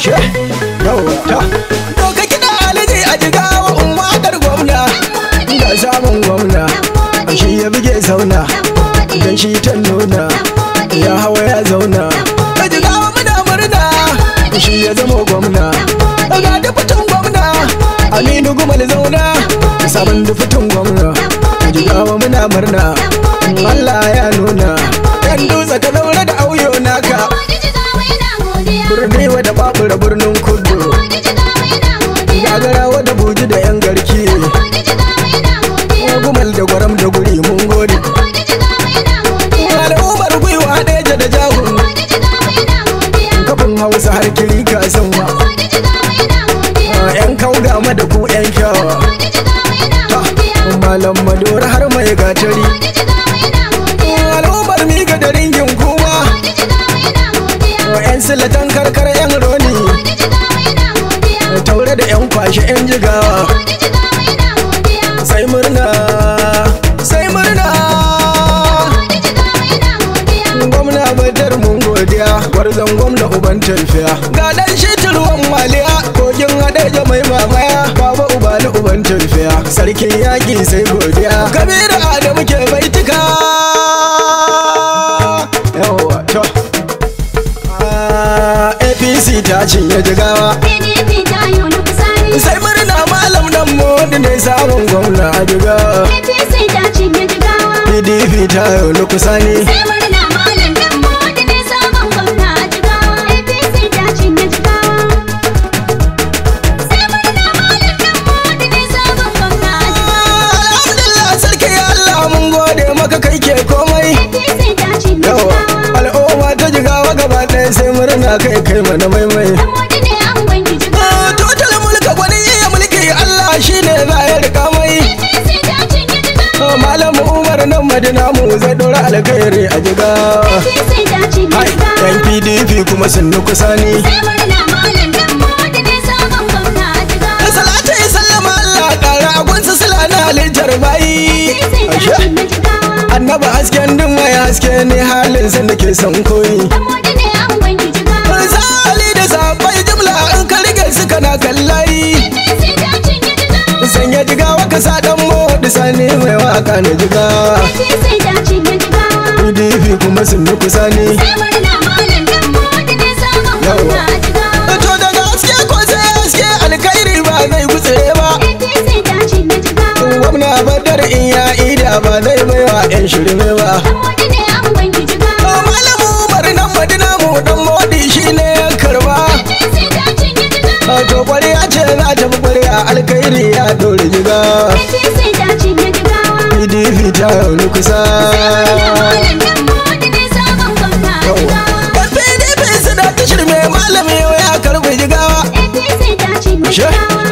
she yawata doka kiɗa alaji a jigawa in waƙar gwamna ga samun gwamna shi ya buge zauna don shi ta nuna ya hawa ya zauna a jigawa muna murna shi ya zama gwamna ga fitin gwamna aminu gumal zauna sabon da fitin gwamna a jigawa muna murna Allah ya babura birnin yan silatan karkar yan roni taure da yan kwashe yan jigawa sai murna sai murna gwamna badar mun godiya gwarzon gwamna uban tafiya ga dan shi tulwan maliya kogin haɗe mai mamaya baba ubali uban tafiya sarkin yaƙi sai godiya a diga APC ta cinye jigawa PDP ta yau lokusa ne sai murna malam dan ne sabon jigawa jigawa sai murna malam ne sabon jigawa sarki Allah mun gode maka kai ke komai ta jigawa al'umma ta jigawa gaba ɗaya sai murna kai kai mana madina mu zai dora alkhairi a jiga yan pdp kuma sun nuku sani ya sallama allah sila na halittar bayi annaba hasken din mai haske ne halin sun da son koyi zali da sabai jimla an karge su na kallayi sanya jigawa ka sa Rabi Sani mai waka na jigawa. PDP kuma sun yi kusa ne. Ito da haske ko sai haske alkhairi ba zai ba. Gwamna Badar in ya ba zai baiwa 'yan shirme ba. she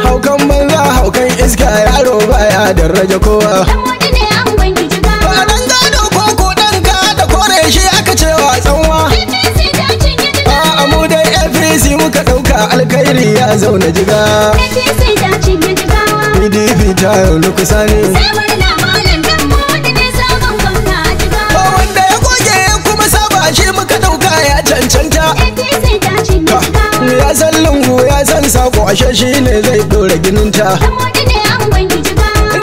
haukan banza haukan iska yaro baya daraja kowa ranar gado ko ko ɗanka da kore shi aka cewa tsanwa a muka ɗauka alkhairi ya zauna jiga pdp ta yi ne wanda ya goge kuma saba shi muka ɗauka ya cancanta lungu ya san lungu ya san sako ashe shi ne zai dora gininta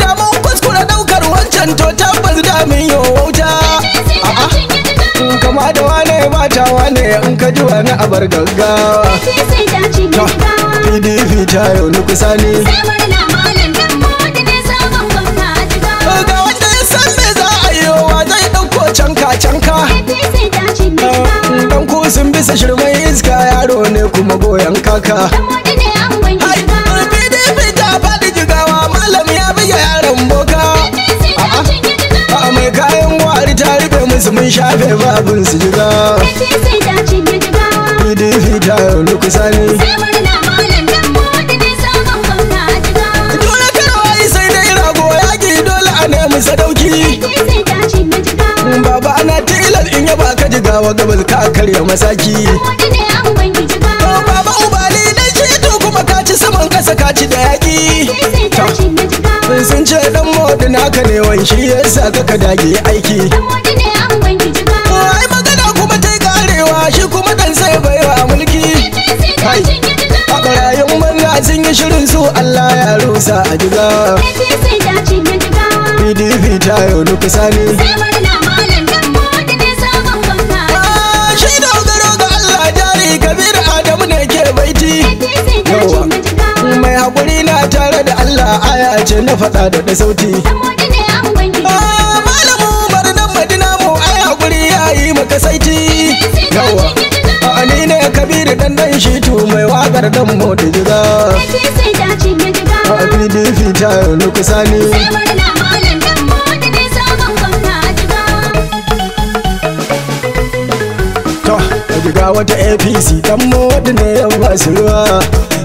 da mun kuskura daukar wancan to tabbas da min yo wauta kama da wane bata wane in ka ji wani abar gaggawa pdp ta yau ni kusa ne ga wanda ya san me za a yi wa zai dauko canka canka hamsin bisa shirman iska yaro ne kuma goyon kaka pdp ta faɗi jigawa malam ya buga yaron boka a mai kayan gwari ta rufe musu mun shafe babin su jiga pdp ta yau lukusa kar in yaba ka jigawa gabal ka karya masaki baba ubali na ce to kuma ka ci saman kasa ka ci da yaki sun ce dan modi naka ne wanshi yasa ka ka dage aiki ai magana kuma ta karewa shi kuma dan sai baiwa mulki kai a barayin manna sun yi shirin su Allah ya rusa a jigawa PDP ta yau sani ne na faɗa da da sauti ah, malamu bari nan madina mu ai hakuri yayi maka saiti yawa a ni ne kabiru dan dan mai wakar dan mu da to jiga wata apc dan mu wadda ne yan ruwa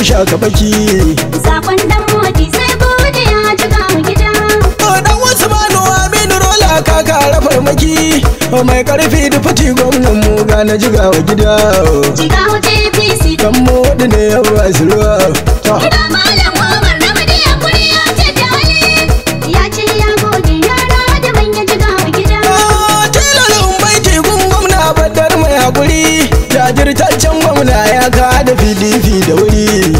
mu shaka baki sakon dan maji sai bude ya cika gida to dan wasu no aminu rola kaka farmaki O mai karfi da fati gwamnan mu ga na wa gida jigawa tpc kan mu wadda ne yawa gida malam jirtaccen gwamna ya da filifi da wuri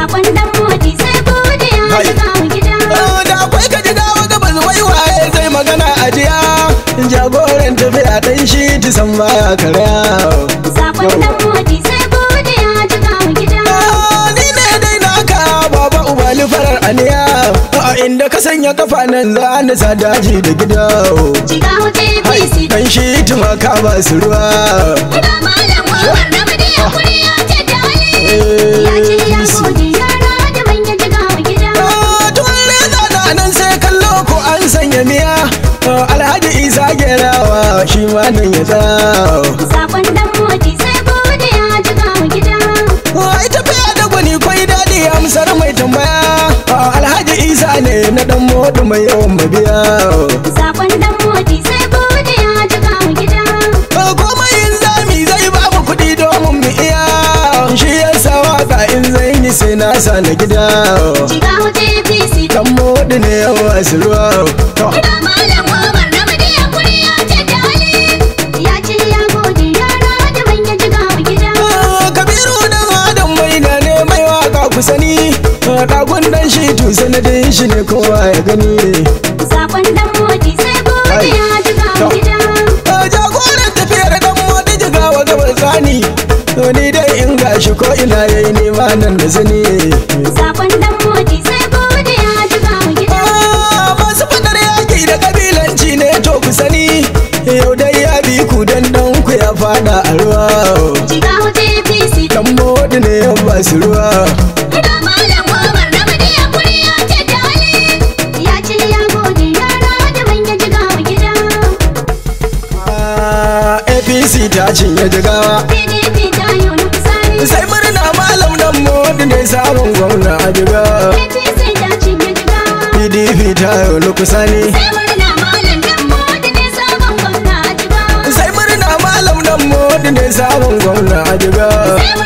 magana ajiya jagoran tafiya dan shi ti san baya ya karya sakon ya ah, ni ne dai naka baba ubali farar aniya a inda ka sanya kafa nan za nisa daji da gida jiga shi ti maka ba su ruwa ya kuri ya ce da ya ce ya gode dawo shi ma nan ya dawo sakon dan moji sai gode ya jiga mu gida wai tafiya da gwani kwai daɗi amsar mai tambaya alhaji isa ne na dan modu mai yawan mabiya sakon dan moji sai gode ya jiga mu gida komai in zami zai ba mu kuɗi domin mu iya shi ya sa waka in zai yi sai na sa na gida jiga mu tpc dan modu ne yawan asirwa Gida faɗa gundan shi to sanadin shi ne kowa ya gani sakon dan moji sai gobe ya jiga gida jagoran tafiyar dan moji jiga wa gabar tsani to ni dai in gashi ko ina yayi nema nan da zani da jigawa sai murna malam dan modi ne sabon gwamna a jigawa pdp ta yi lukusa ne sai murna malam dan modi ne sabon gwamna a jigawa